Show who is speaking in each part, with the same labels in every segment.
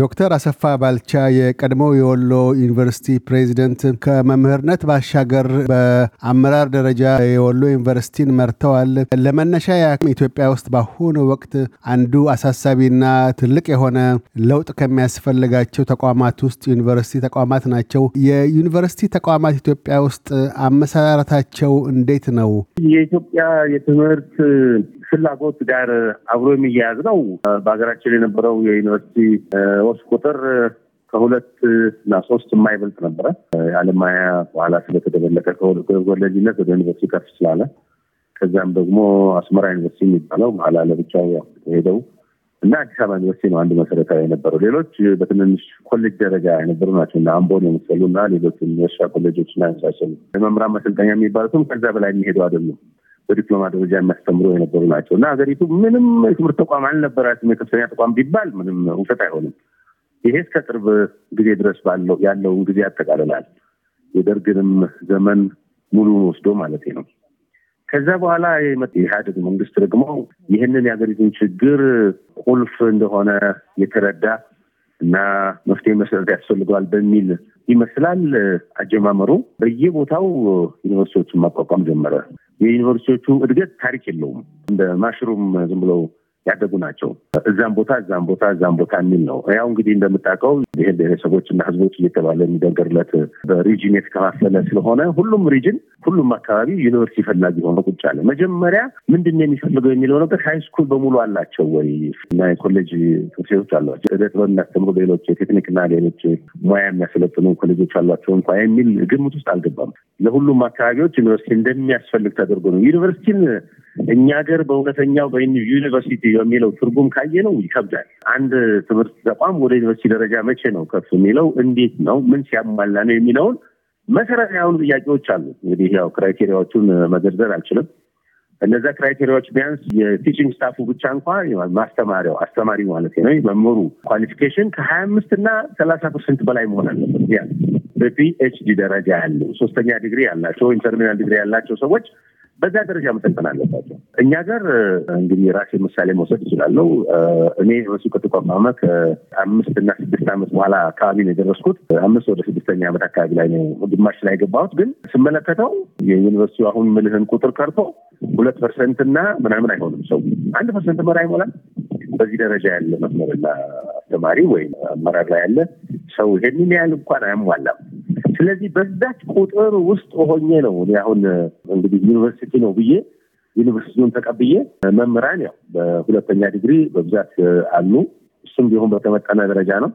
Speaker 1: ዶክተር አሰፋ ባልቻ የቀድሞው የወሎ ዩኒቨርሲቲ ፕሬዚደንት፣ ከመምህርነት ባሻገር በአመራር ደረጃ የወሎ ዩኒቨርሲቲን መርተዋል። ለመነሻ ኢትዮጵያ ውስጥ በአሁኑ ወቅት አንዱ አሳሳቢና ትልቅ የሆነ ለውጥ ከሚያስፈልጋቸው ተቋማት ውስጥ ዩኒቨርሲቲ ተቋማት ናቸው። የዩኒቨርሲቲ ተቋማት ኢትዮጵያ ውስጥ አመሰራረታቸው እንዴት ነው?
Speaker 2: የኢትዮጵያ የትምህርት ፍላጎት ጋር አብሮ የሚያያዝ ነው። በሀገራችን የነበረው የዩኒቨርሲቲ ወስ ቁጥር ከሁለት እና ሶስት የማይበልጥ ነበረ። የአለማያ በኋላ ስለተደበለቀ ከወለጅነት ወደ ዩኒቨርሲቲ ከፍ ስላለ ከዚያም ደግሞ አስመራ ዩኒቨርሲቲ የሚባለው በኋላ ለብቻው ሄደው እና አዲስ አበባ ዩኒቨርሲቲ ነው አንድ መሰረታዊ የነበረው። ሌሎች በትንንሽ ኮሌጅ ደረጃ የነበሩ ናቸው እና አምቦን የመሰሉ እና ሌሎች ዩኒቨርሲቲ ኮሌጆች እና የመምህራን የሚባሉትም ከዛ በላይ የሚሄዱ አይደሉም። በዲፕሎማ ደረጃ የሚያስተምሩ የነበሩ ናቸው እና ሀገሪቱ ምንም የትምህርት ተቋም አልነበራትም። የከፍተኛ ተቋም ቢባል ምንም እውሰት አይሆንም። ይሄ እስከ ቅርብ ጊዜ ድረስ ባለው ያለውን ጊዜ ያጠቃልላል። የደርግንም ዘመን ሙሉን ወስዶ ማለት ነው። ከዛ በኋላ የኢህአደግ መንግስት ደግሞ ይህንን የሀገሪቱን ችግር ቁልፍ እንደሆነ የተረዳ እና መፍትሄ መሰረት ያስፈልገዋል በሚል ይመስላል አጀማመሩ። በየቦታው ዩኒቨርሲቲዎችን ማቋቋም ጀመረ። የዩኒቨርሲቲዎቹ እድገት ታሪክ የለውም። እንደ ማሽሩም ዝም ብለው ያደጉ ናቸው። እዛም ቦታ እዛም ቦታ እዛም ቦታ የሚል ነው። ያው እንግዲህ እንደምታውቀው ብሔር ብሔረሰቦች እና ሕዝቦች እየተባለ የሚደገርለት በሪጅን የተከፋፈለ ስለሆነ ሁሉም ሪጅን፣ ሁሉም አካባቢ ዩኒቨርሲቲ ፈላጊ ሆነ አለ። መጀመሪያ ምንድን ነው የሚፈልገው የሚለው ነበር። ሃይስኩል በሙሉ አላቸው ወይ እና የኮሌጅ ሴቶች አሏቸው እደ ጥበብ የሚያስተምሩ ሌሎች የቴክኒክና ሌሎች ሙያ የሚያሰለጥኑ ኮሌጆች አሏቸው እንኳ የሚል ግምት ውስጥ አልገባም። ለሁሉም አካባቢዎች ዩኒቨርሲቲ እንደሚያስፈልግ ተደርጎ ነው ዩኒቨርሲቲን እኛ ሀገር በእውነተኛው ዩኒቨርሲቲ የሚለው ትርጉም ካየ ነው ይከብዳል። አንድ ትምህርት ተቋም ወደ ዩኒቨርሲቲ ደረጃ መቼ ነው ከፍ የሚለው እንዴት ነው ምን ሲያሟላ ነው የሚለውን መሰረታዊ የሆኑ ጥያቄዎች አሉ። እንግዲህ ያው ክራይቴሪያዎቹን መዘርዘር አልችልም። እነዛ ክራይቴሪያዎች ቢያንስ የቲችንግ ስታፉ ብቻ እንኳ ማስተማሪያው አስተማሪ ማለት ነው መምህሩ ኳሊፊኬሽን ከሀያ አምስት እና ሰላሳ ፐርሰንት በላይ መሆን አለበት። ያ በፒኤችዲ ደረጃ ያለው ሶስተኛ ዲግሪ ያላቸው ወይም ተርሚናል ዲግሪ ያላቸው ሰዎች በዛ ደረጃ መሰልጠን አለባቸው። እኛ ጋር እንግዲህ ራሴ ምሳሌ መውሰድ ይችላለሁ። እኔ በሱ ከተቋቋመ ከአምስት እና ስድስት ዓመት በኋላ አካባቢ ነው የደረስኩት። አምስት ወደ ስድስተኛ ዓመት አካባቢ ላይ ነው ግማሽ ላይ የገባሁት። ግን ስመለከተው የዩኒቨርሲቲው አሁን ምልህን ቁጥር ቀርቶ ሁለት ፐርሰንት እና ምናምን አይሆንም። ሰው አንድ ፐርሰንት መራ አይሞላል። በዚህ ደረጃ ያለ መስመርና ተማሪ ወይም አመራር ላይ ያለ ሰው ይሄንን ያህል እንኳን አያሟላም። ስለዚህ በዛች ቁጥር ውስጥ ሆኜ ነው እኔ አሁን እንግዲህ ዩኒቨርሲቲ ነው ብዬ ዩኒቨርሲቲውን ተቀብዬ መምህራን ያው በሁለተኛ ዲግሪ በብዛት አሉ። እሱም ቢሆን በተመጠነ ደረጃ ነው።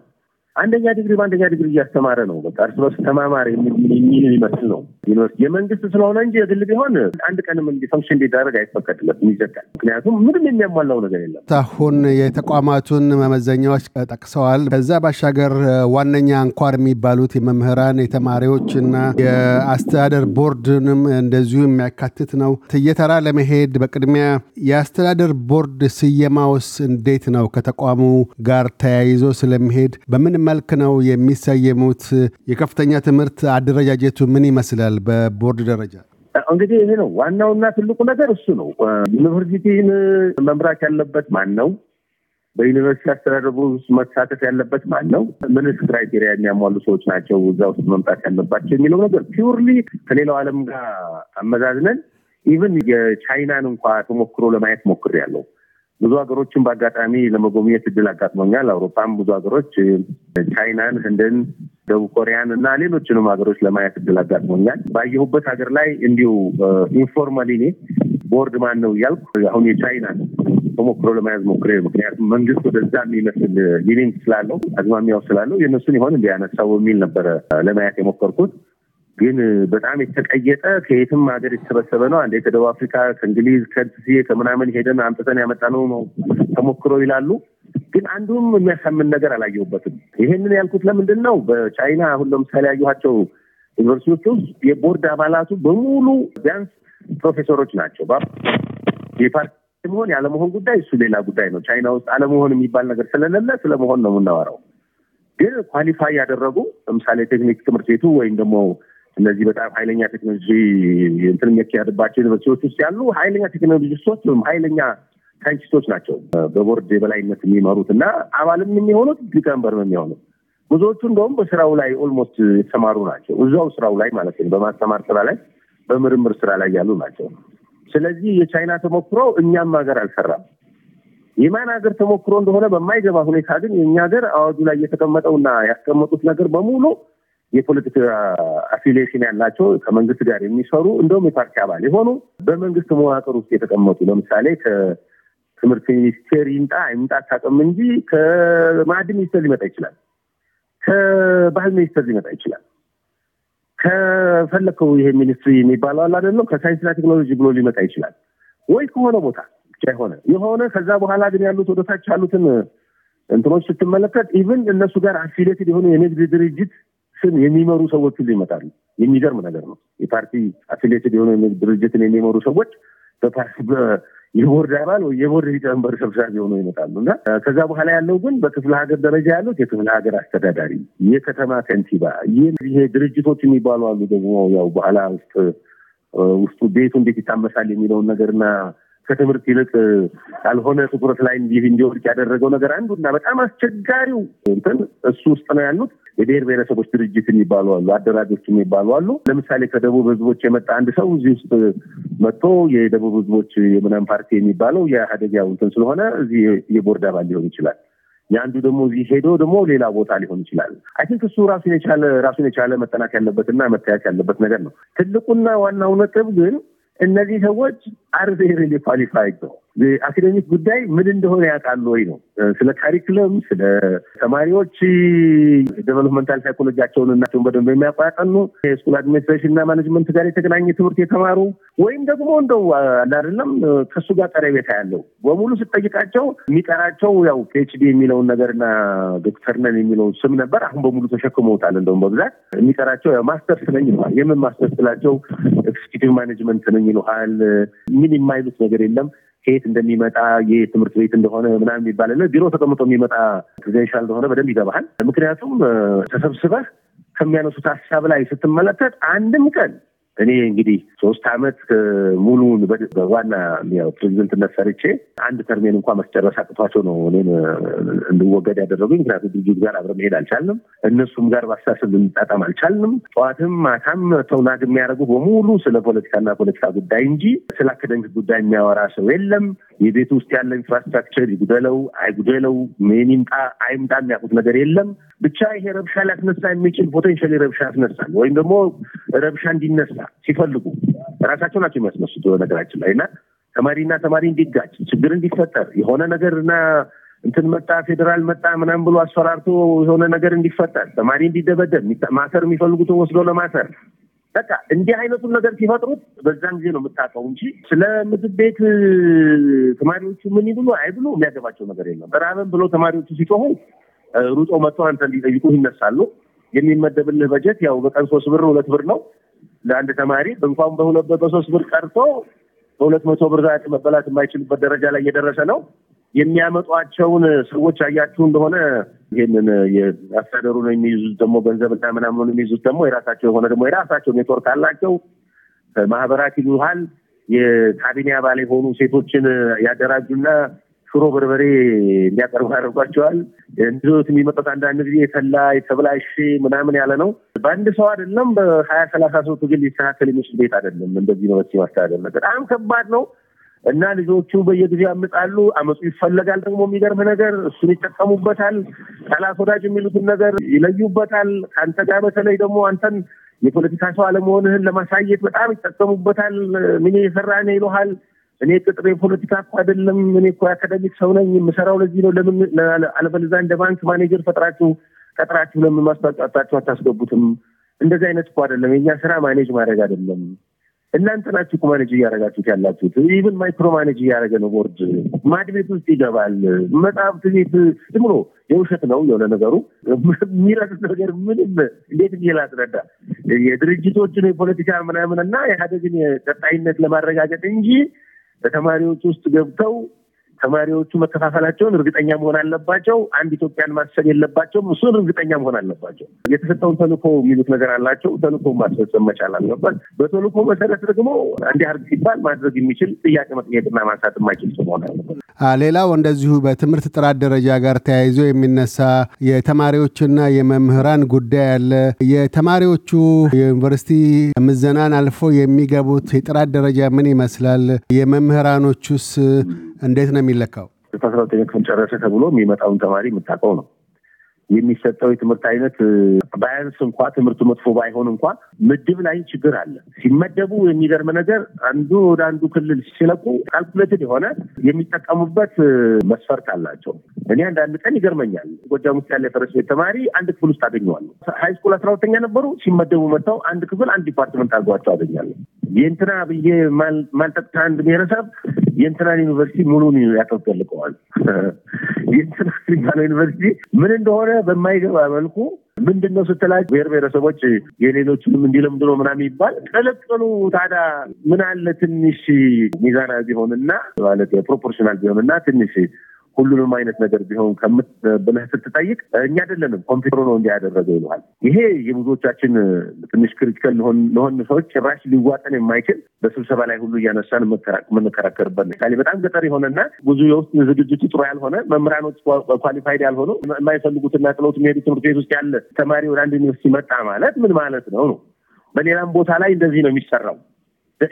Speaker 2: አንደኛ ዲግሪ በአንደኛ ዲግሪ እያስተማረ ነው። በቃ እርስ በርስ ተማማር የሚል ይመስል ነው ዩኒቨርሲቲ የመንግስት ስለሆነ እንጂ የግል ቢሆን አንድ ቀንም እንዲ ፈንክሽን እንዲደረግ አይፈቀድለትም፣ ይዘጋል። ምክንያቱም ምንም የሚያሟላው ነገር የለም።
Speaker 1: አሁን የተቋማቱን መመዘኛዎች ጠቅሰዋል። ከዛ ባሻገር ዋነኛ አንኳር የሚባሉት የመምህራን የተማሪዎችና የአስተዳደር ቦርድንም እንደዚሁ የሚያካትት ነው። ትየተራ ለመሄድ በቅድሚያ የአስተዳደር ቦርድ ስየማውስ እንዴት ነው ከተቋሙ ጋር ተያይዞ ስለሚሄድ በምን መልክ ነው የሚሰየሙት? የከፍተኛ ትምህርት አደረጃጀቱ ምን ይመስላል በቦርድ ደረጃ?
Speaker 2: እንግዲህ ይሄ ነው ዋናውና ትልቁ ነገር እሱ ነው። ዩኒቨርሲቲን መምራት ያለበት ማን ነው? በዩኒቨርሲቲ አስተዳደሩ ውስጥ መሳተፍ ያለበት ማን ነው? ምንስ ክራይቴሪያ የሚያሟሉ ሰዎች ናቸው እዛ ውስጥ መምጣት ያለባቸው የሚለው ነገር ፒውርሊ ከሌላው ዓለም ጋር አመዛዝነን ኢቨን የቻይናን እንኳ ተሞክሮ ለማየት ሞክሬያለሁ። ብዙ ሀገሮችን በአጋጣሚ ለመጎብኘት እድል አጋጥሞኛል። አውሮፓም ብዙ ሀገሮች፣ ቻይናን፣ ህንድን፣ ደቡብ ኮሪያን እና ሌሎችንም ሀገሮች ለማየት እድል አጋጥሞኛል። ባየሁበት ሀገር ላይ እንዲሁ ኢንፎርማሊ እኔ ቦርድ ማን ነው እያልኩ አሁን የቻይናን ተሞክሮ ለመያዝ ሞክሬ፣ ምክንያቱም መንግስት ወደዛ የሚመስል ሊሊንግ ስላለው አዝማሚያው ስላለው የእነሱን ይሆን እንዲያነሳው የሚል ነበረ ለማየት የሞከርኩት ግን በጣም የተቀየጠ ከየትም ሀገር የተሰበሰበ ነው። አንዴ ከደቡብ አፍሪካ፣ ከእንግሊዝ፣ ከዚ ከምናምን ሄደን አምጥተን ያመጣ ነው ነው ተሞክሮ ይላሉ። ግን አንዱም የሚያሳምን ነገር አላየሁበትም። ይሄንን ያልኩት ለምንድን ነው? በቻይና አሁን ለምሳሌ ያየኋቸው ዩኒቨርሲቲዎች ውስጥ የቦርድ አባላቱ በሙሉ ቢያንስ ፕሮፌሰሮች ናቸው። የፓርቲ መሆን ያለመሆን ጉዳይ እሱ ሌላ ጉዳይ ነው። ቻይና ውስጥ አለመሆን የሚባል ነገር ስለሌለ ስለመሆን ነው የምናወራው። ግን ኳሊፋይ ያደረጉ ለምሳሌ ቴክኒክ ትምህርት ቤቱ ወይም ደግሞ እነዚህ በጣም ኃይለኛ ቴክኖሎጂ እንትን የሚያካሄድባቸው ዩኒቨርሲቲዎች ውስጥ ያሉ ኃይለኛ ቴክኖሎጂስቶች ወይም ኃይለኛ ሳይንቲስቶች ናቸው በቦርድ የበላይነት የሚመሩት እና አባልም የሚሆኑት ሊቀመንበር የሚሆኑት ብዙዎቹ እንደውም በስራው ላይ ኦልሞስት የተሰማሩ ናቸው። እዛው ስራው ላይ ማለት ነው፣ በማስተማር ስራ ላይ በምርምር ስራ ላይ ያሉ ናቸው። ስለዚህ የቻይና ተሞክሮ እኛም ሀገር አልሰራም። የማን ሀገር ተሞክሮ እንደሆነ በማይገባ ሁኔታ ግን የእኛ ሀገር አዋጁ ላይ የተቀመጠውና ያስቀመጡት ነገር በሙሉ የፖለቲካ አፊሊሽን ያላቸው ከመንግስት ጋር የሚሰሩ እንደውም የፓርቲ አባል የሆኑ በመንግስት መዋቅር ውስጥ የተቀመጡ ለምሳሌ ከትምህርት ሚኒስቴር ይምጣ ይምጣ አታውቅም እንጂ ከማዕድን ሚኒስቴር ሊመጣ ይችላል፣ ከባህል ሚኒስቴር ሊመጣ ይችላል። ከፈለከው ይሄ ሚኒስትሪ የሚባለው አለ አይደለም ከሳይንስና ቴክኖሎጂ ብሎ ሊመጣ ይችላል ወይ ከሆነ ቦታ ብቻ የሆነ የሆነ ከዛ በኋላ ግን ያሉት ወደታች ያሉትን እንትኖች ስትመለከት ኢቨን እነሱ ጋር አፊሌትድ የሆኑ የንግድ ድርጅት ስም የሚመሩ ሰዎች ሁሉ ይመጣሉ። የሚገርም ነገር ነው። የፓርቲ አፊሌትድ የሆነ ድርጅትን የሚመሩ ሰዎች በፓርቲ የቦርድ አባል ወይ የቦርድ ሊቀመንበር ሰብሳቢ ሆነው ይመጣሉ እና ከዛ በኋላ ያለው ግን በክፍለ ሀገር ደረጃ ያሉት የክፍለ ሀገር አስተዳዳሪ፣ የከተማ ከንቲባ፣ ይህ ድርጅቶች የሚባሉ አሉ ደግሞ ያው በኋላ ውስጥ ውስጡ ቤቱ እንዴት ይታመሳል የሚለውን ነገርና ከትምህርት ይልቅ ያልሆነ ትኩረት ላይ እንዲህ እንዲወድቅ ያደረገው ነገር እና በጣም አስቸጋሪው እንትን እሱ ውስጥ ነው ያሉት። የብሔር ብሔረሰቦች ድርጅት የሚባሉ አሉ፣ አደራጆች የሚባሉ አሉ። ለምሳሌ ከደቡብ ህዝቦች የመጣ አንድ ሰው እዚህ ውስጥ መጥቶ የደቡብ ህዝቦች የምናም ፓርቲ የሚባለው የኢህአዴጊያው እንትን ስለሆነ እዚህ የቦርድ አባል ሊሆን ይችላል። የአንዱ ደግሞ እዚህ ሄዶ ደግሞ ሌላ ቦታ ሊሆን ይችላል። አይ ቲንክ እሱ ራሱን የቻለ ራሱን የቻለ መጠናት ያለበትና መታየት ያለበት ነገር ነው። ትልቁና ዋናው ነጥብ ግን እነዚህ ሰዎች አር ኳሊፋይድ ነው የአካዴሚክ ጉዳይ ምን እንደሆነ ያውቃሉ ወይ ነው። ስለ ካሪክለም፣ ስለ ተማሪዎች ዴቨሎፕመንታል ሳይኮሎጂያቸውን እናቸውን በደንብ የሚያውቁ የስኩል አድሚኒስትሬሽን እና ማኔጅመንት ጋር የተገናኘ ትምህርት የተማሩ ወይም ደግሞ እንደው አይደለም ከሱ ጋር ቤታ ያለው በሙሉ ስጠይቃቸው የሚቀራቸው ያው ፒኤችዲ የሚለውን ነገርና ዶክተር ነን የሚለውን ስም ነበር። አሁን በሙሉ ተሸክመውታል። እንደውም በብዛት የሚቀራቸው ማስተርስ ነኝ ይለዋል። የምን ማስተርስ ስላቸው ኤክስኪቲቭ ማኔጅመንት ነኝ ይለዋል። ምን የማይሉት ነገር የለም። ከየት እንደሚመጣ ትምህርት ቤት እንደሆነ ምናምን የሚባል ቢሮ ተቀምጦ የሚመጣ ፕሬዚደንሻል እንደሆነ በደንብ ይገባሃል። ምክንያቱም ተሰብስበህ ከሚያነሱት ሀሳብ ላይ ስትመለከት አንድም ቀን እኔ እንግዲህ ሶስት አመት ሙሉውን በዋና ፕሬዚደንትነት ሰርቼ አንድ ተርሜን እንኳ መስጨረስ አቅቷቸው ነው እኔም እንድወገድ ያደረጉኝ። ምክንያቱም ድርጅት ጋር አብረ መሄድ አልቻልንም፣ እነሱም ጋር ባሳስብ ልንጣጣም አልቻልንም። ጠዋትም ማታም ተውናግ የሚያደርጉ በሙሉ ስለ ፖለቲካና ፖለቲካ ጉዳይ እንጂ ስለ አካዳሚክ ጉዳይ የሚያወራ ሰው የለም። የቤት ውስጥ ያለ ኢንፍራስትራክቸር ይጉደለው አይጉደለው ምን ይምጣ አይምጣ የሚያውቁት ነገር የለም። ብቻ ይሄ ረብሻ ሊያስነሳ የሚችል ፖቴንሻል ረብሻ ያስነሳል ወይም ደግሞ ረብሻ እንዲነሳ ሲፈልጉ ራሳቸው ናቸው የሚያስነሱት ነገራችን ላይ እና ተማሪና ተማሪ እንዲጋጭ ችግር እንዲፈጠር የሆነ ነገር እና እንትን መጣ ፌዴራል መጣ ምናምን ብሎ አስፈራርቶ የሆነ ነገር እንዲፈጠር ተማሪ እንዲደበደብ ማሰር የሚፈልጉትን ወስዶ ለማሰር በቃ እንዲህ አይነቱን ነገር ሲፈጥሩት በዛን ጊዜ ነው የምታውቀው እንጂ ስለ ምግብ ቤት ተማሪዎቹ ምን ይብሉ አይብሉ የሚያገባቸው ነገር የለም። ራበን ብሎ ተማሪዎቹ ሲጮሁ ሩጦ መጥቶ አንተ እንዲጠይቁ ይነሳሉ። የሚመደብልህ በጀት ያው በቀን ሶስት ብር ሁለት ብር ነው ለአንድ ተማሪ እንኳን በሁለት በሶስት ብር ቀርቶ በሁለት መቶ ብር መበላት የማይችልበት ደረጃ ላይ እየደረሰ ነው። የሚያመጧቸውን ሰዎች አያችሁ እንደሆነ ይህንን የአስተዳደሩ ነው የሚይዙት ደግሞ ገንዘብ እና ምናምኑ የሚይዙት ደግሞ የራሳቸው የሆነ ደግሞ የራሳቸው ኔትወርክ አላቸው። ማህበራት ይሉሃል። የካቢኔ አባል የሆኑ ሴቶችን ያደራጁና ሽሮ በርበሬ እንዲያቀርቡ ያደርጓቸዋል። እንዲዞት የሚመጣት አንዳንድ ጊዜ የተላ የተብላሽ ምናምን ያለ ነው። በአንድ ሰው አይደለም፣ በሀያ ሰላሳ ሰው ትግል ሊስተካከል የሚችል ቤት አይደለም። እንደዚህ ነው በዚህ ማስተዳደር በጣም ከባድ ነው። እና ልጆቹ በየጊዜው ያምጣሉ። አመፁ ይፈለጋል። ደግሞ የሚገርም ነገር እሱን ይጠቀሙበታል። ጠላት ወዳጅ የሚሉትን ነገር ይለዩበታል። ከአንተ ጋር በተለይ ደግሞ አንተን የፖለቲካ ሰው አለመሆንህን ለማሳየት በጣም ይጠቀሙበታል። ምን የሰራ ነ ይለሃል። እኔ ቅጥር የፖለቲካ እኮ አይደለም። እኔ እኮ አካደሚክ ሰው ነኝ። የምሰራው ለዚህ ነው። ለምን አለበለዛ እንደ ባንክ ማኔጀር ፈጥራችሁ ቀጥራችሁ ለምን ማስታወቂያ አታስገቡትም? እንደዚህ አይነት እኮ አይደለም። የኛ ስራ ማኔጅ ማድረግ አይደለም። እናንተ ናችሁ እኮ ማኔጅ እያደረጋችሁት ያላችሁት። ኢቨን ማይክሮ ማኔጅ እያደረገ ነው ቦርድ። ማድ ቤት ውስጥ ይገባል። መጽሐፍት ቤት ዝም ብሎ የውሸት ነው የሆነ ነገሩ የሚረዱት ነገር ምንም እንዴት ብዬ ላስረዳ? የድርጅቶችን የፖለቲካ ምናምን እና ኢህአዴግን ቀጣይነት ለማረጋገጥ እንጂ በተማሪዎች ውስጥ ገብተው ተማሪዎቹ መከፋፈላቸውን እርግጠኛ መሆን አለባቸው። አንድ ኢትዮጵያን ማሰብ የለባቸውም። እሱን እርግጠኛ መሆን አለባቸው። የተሰጠውን ተልኮ የሚሉት ነገር አላቸው። ተልኮ ማስፈጸም መቻል አለበት። በተልኮ መሰረት ደግሞ እንዲህ አድርግ ሲባል ማድረግ የሚችል ጥያቄ መጠየቅና ማንሳት የማይችል ሰው መሆን አለበት።
Speaker 1: ሌላው እንደዚሁ በትምህርት ጥራት ደረጃ ጋር ተያይዞ የሚነሳ የተማሪዎችና የመምህራን ጉዳይ አለ። የተማሪዎቹ የዩኒቨርሲቲ ምዘናን አልፎ የሚገቡት የጥራት ደረጃ ምን ይመስላል? የመምህራኖቹስ እንዴት ነው የሚለካው?
Speaker 2: አስራ ሁለተኛ ክፍል ጨረሰ ተብሎ የሚመጣውን ተማሪ የምታውቀው ነው። የሚሰጠው የትምህርት አይነት ባያንስ እንኳ ትምህርቱ መጥፎ ባይሆን እንኳ ምድብ ላይ ችግር አለ። ሲመደቡ የሚገርም ነገር አንዱ ወደ አንዱ ክልል ሲለቁ ካልኩሌትድ የሆነ የሚጠቀሙበት መስፈርት አላቸው። እኔ አንዳንድ ቀን ይገርመኛል። ጎጃም ውስጥ ያለ የፈረስ ቤት ተማሪ አንድ ክፍል ውስጥ አገኘዋለሁ። ሀይ አስራ ሁለተኛ ነበሩ። ሲመደቡ መጥተው አንድ ክፍል አንድ ዲፓርትመንት አድርጓቸው አገኛለሁ። የእንትና ብዬ ማልጠቅታ አንድ ብሔረሰብ የእንትናን ዩኒቨርሲቲ ሙሉን ያጠፈልቀዋል። የእንትና የሚባለው ዩኒቨርሲቲ ምን እንደሆነ በማይገባ መልኩ ምንድን ነው ስትላቸው ብሔር ብሔረሰቦች የሌሎችንም እንዲለምድ ነው ምናምን ይባል ቀለቀሉ። ታዲያ ምን አለ ትንሽ ሚዛና ቢሆንና ማለት ፕሮፖርሽናል ቢሆንና ትንሽ ሁሉንም አይነት ነገር ቢሆን ብለህ ስትጠይቅ እኛ አይደለንም ኮምፒውተሩ ነው እንዲያደረገ ይለዋል። ይሄ የብዙዎቻችን ትንሽ ክሪቲካል ለሆን ሰዎች ጭራሽ ሊዋጠን የማይችል በስብሰባ ላይ ሁሉ እያነሳን የምንከራከርበት ነው። በጣም ገጠር የሆነና ብዙ የውስጥ ዝግጅቱ ጥሩ ያልሆነ መምህራኖች ኳሊፋይድ ያልሆኑ የማይፈልጉትና ጥለውት የሚሄዱ ትምህርት ቤት ውስጥ ያለ ተማሪ ወደ አንድ ዩኒቨርሲቲ መጣ ማለት ምን ማለት ነው ነው። በሌላም ቦታ ላይ እንደዚህ ነው የሚሰራው።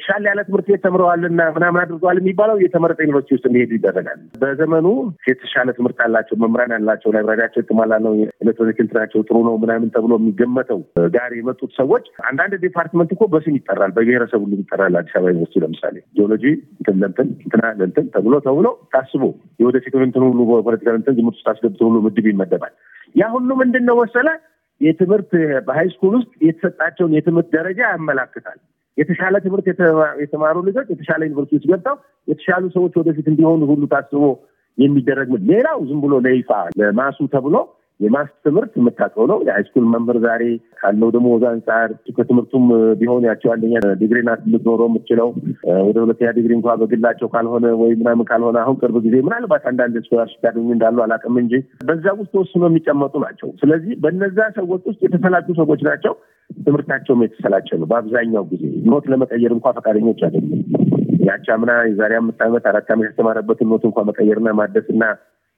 Speaker 2: ሻል ያለ ትምህርት ቤት ተምረዋልና ምናምን አድርገዋል የሚባለው የተመረጠ ዩኒቨርሲቲ ውስጥ እንዲሄዱ ይደረጋል። በዘመኑ የተሻለ ትምህርት አላቸው፣ መምህራን ያላቸው፣ ላይብራሪያቸው የተሟላ ነው፣ ኤሌክትሮኒክ እንትናቸው ጥሩ ነው ምናምን ተብሎ የሚገመተው ጋር የመጡት ሰዎች አንዳንድ ዲፓርትመንት እኮ በስም ይጠራል፣ በብሔረሰቡ ሁሉም ይጠራል። አዲስ አበባ ዩኒቨርሲቲ ለምሳሌ ጂኦሎጂ እንትን ለእንትን እንትና ለእንትን ተብሎ ተብሎ ታስቦ የወደፊት እንትን ሁሉ ፖለቲካ እንትን ዝምት ውስጥ አስገብት ሁሉ ምድብ ይመደባል። ያ ሁሉ ምንድን ነው መሰለህ የትምህርት በሃይ ስኩል ውስጥ የተሰጣቸውን የትምህርት ደረጃ ያመላክታል። የተሻለ ትምህርት የተማሩ ልጆች የተሻለ ዩኒቨርሲቲ ውስጥ ገብተው የተሻሉ ሰዎች ወደፊት እንዲሆኑ ሁሉ ታስቦ የሚደረግ ሌላው ዝም ብሎ ለይፋ ለማሱ ተብሎ የማስ ትምህርት የምታውቀው ነው። የሃይስኩል መምህር ዛሬ ካለው ደግሞ ወዛ አንጻር ከትምህርቱም ቢሆን ያቸው አንደኛ ዲግሪ ናት የምትኖረው የምችለው ወደ ሁለተኛ ዲግሪ እንኳ በግላቸው ካልሆነ ወይ ምናምን ካልሆነ አሁን ቅርብ ጊዜ ምናልባት አንዳንድ ስኮላርሽ ያገኙ እንዳሉ አላውቅም እንጂ በዛ ውስጥ ተወስኖ የሚጨመጡ ናቸው። ስለዚህ በነዛ ሰዎች ውስጥ የተፈላጩ ሰዎች ናቸው። ትምህርታቸውም የተሰላቸው ነው። በአብዛኛው ጊዜ ኖት ለመቀየር እንኳ ፈቃደኞች አይደሉም። ያቻምና የዛሬ አምስት ዓመት አራት ዓመት የተማረበትን ኖት እንኳ መቀየርና ማደስና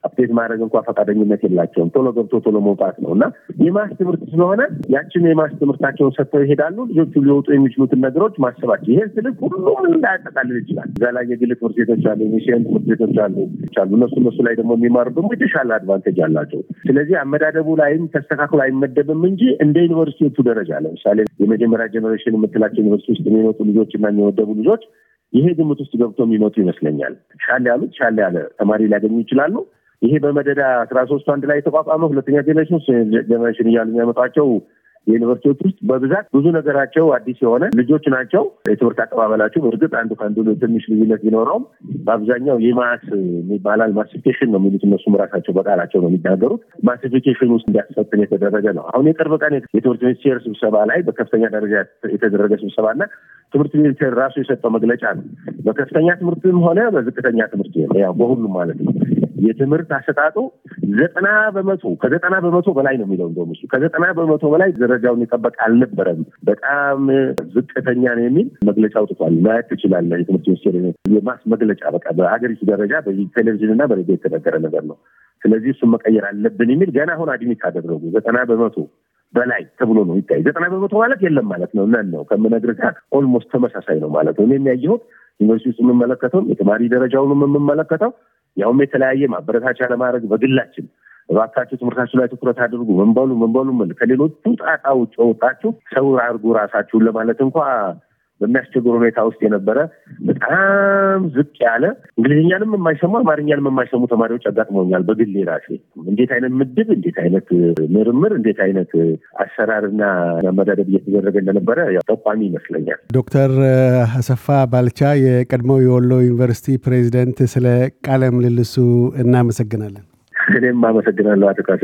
Speaker 2: አፕዴት ማድረግ እንኳ ፈቃደኝነት የላቸውም። ቶሎ ገብቶ ቶሎ መውጣት ነው እና የማስ ትምህርት ስለሆነ ያችን የማስ ትምህርታቸውን ሰጥተው ይሄዳሉ። ልጆቹ ሊወጡ የሚችሉትን ነገሮች ማሰባቸው ይሄን ስልክ ሁሉም እንዳያጠቃልል ይችላል። እዛ ላይ የግል ትምህርት ቤቶች አሉ፣ ሚሽን ትምህርት ቤቶች አሉ አሉ እነሱ እነሱ ላይ ደግሞ የሚማሩ ደግሞ የተሻለ አድቫንቴጅ አላቸው። ስለዚህ አመዳደቡ ላይም ተስተካክሎ አይመደብም እንጂ እንደ ዩኒቨርሲቲዎቹ ደረጃ ለምሳሌ የመጀመሪያ ጀኔሬሽን የምትላቸው ዩኒቨርሲቲ ውስጥ የሚመጡ ልጆች እና የሚመደቡ ልጆች ይሄ ግምት ውስጥ ገብቶ የሚመጡ ይመስለኛል። ሻል ያሉት ሻል ያለ ተማሪ ሊያገኙ ይችላሉ። ይሄ በመደዳ አስራ ሶስቱ አንድ ላይ የተቋቋመ ሁለተኛ ጀኔሬሽን ጀኔሬሽን እያሉ የሚያመጧቸው ዩኒቨርሲቲዎች ውስጥ በብዛት ብዙ ነገራቸው አዲስ የሆነ ልጆች ናቸው። የትምህርት አቀባበላቸው በእርግጥ አንዱ ከአንዱ ትንሽ ልዩነት ቢኖረውም በአብዛኛው የማስ የሚባላል ማስፊኬሽን ነው የሚሉት እነሱም ራሳቸው በቃላቸው ነው የሚናገሩት። ማስፊኬሽን ውስጥ እንዲያስፈትን የተደረገ ነው። አሁን የቅርብ ቀን የትምህርት ሚኒስቴር ስብሰባ ላይ በከፍተኛ ደረጃ የተደረገ ስብሰባና ትምህርት ሚኒስቴር ራሱ የሰጠው መግለጫ ነው። በከፍተኛ ትምህርትም ሆነ በዝቅተኛ ትምህርት ያው በሁሉም ማለት ነው የትምህርት አሰጣጡ ዘጠና በመቶ ከዘጠና በመቶ በላይ ነው የሚለው እንደውም እሱ ከዘጠና በመቶ በላይ ደረጃውን የጠበቀ አልነበረም፣ በጣም ዝቅተኛ ነው የሚል መግለጫ አውጥቷል። ማየት ትችላለህ። የትምህርት ሚኒስቴር የማስ መግለጫ በቃ በሀገሪቱ ደረጃ በቴሌቪዥን እና በሬዲዮ የተነገረ ነገር ነው። ስለዚህ እሱን መቀየር አለብን የሚል ገና አሁን አድሚት አደረጉ። ዘጠና በመቶ በላይ ተብሎ ነው ይታይ። ዘጠና በመቶ ማለት የለም ማለት ነው። እናን ነው ከምነግርህ ጋር ኦልሞስት ተመሳሳይ ነው ማለት ነው። እኔ የሚያየሁት ዩኒቨርሲቲ ውስጥ የምመለከተውም የተማሪ ደረጃውንም የምመለከተው ያውም የተለያየ ማበረታቻ ለማድረግ በግላችን እባካችሁ ትምህርታችሁ ላይ ትኩረት አድርጉ መንበሉ መንበሉ ከሌሎቹ ጣጣ ውጭ ወጣችሁ ሰው አድርጉ ራሳችሁን ለማለት እንኳ በሚያስቸግር ሁኔታ ውስጥ የነበረ በጣም ዝቅ ያለ እንግሊዝኛንም የማይሰሙ አማርኛንም የማይሰሙ ተማሪዎች አጋጥመውኛል። በግሌ ራሴ እንዴት አይነት ምድብ፣ እንዴት አይነት ምርምር፣ እንዴት አይነት አሰራርና መዳደብ እየተደረገ እንደነበረ ጠቋሚ ይመስለኛል።
Speaker 1: ዶክተር አሰፋ ባልቻ የቀድሞው የወሎ ዩኒቨርሲቲ ፕሬዚደንት፣ ስለ ቃለ ምልልሱ እናመሰግናለን። እኔም አመሰግናለሁ አቶ ካሳ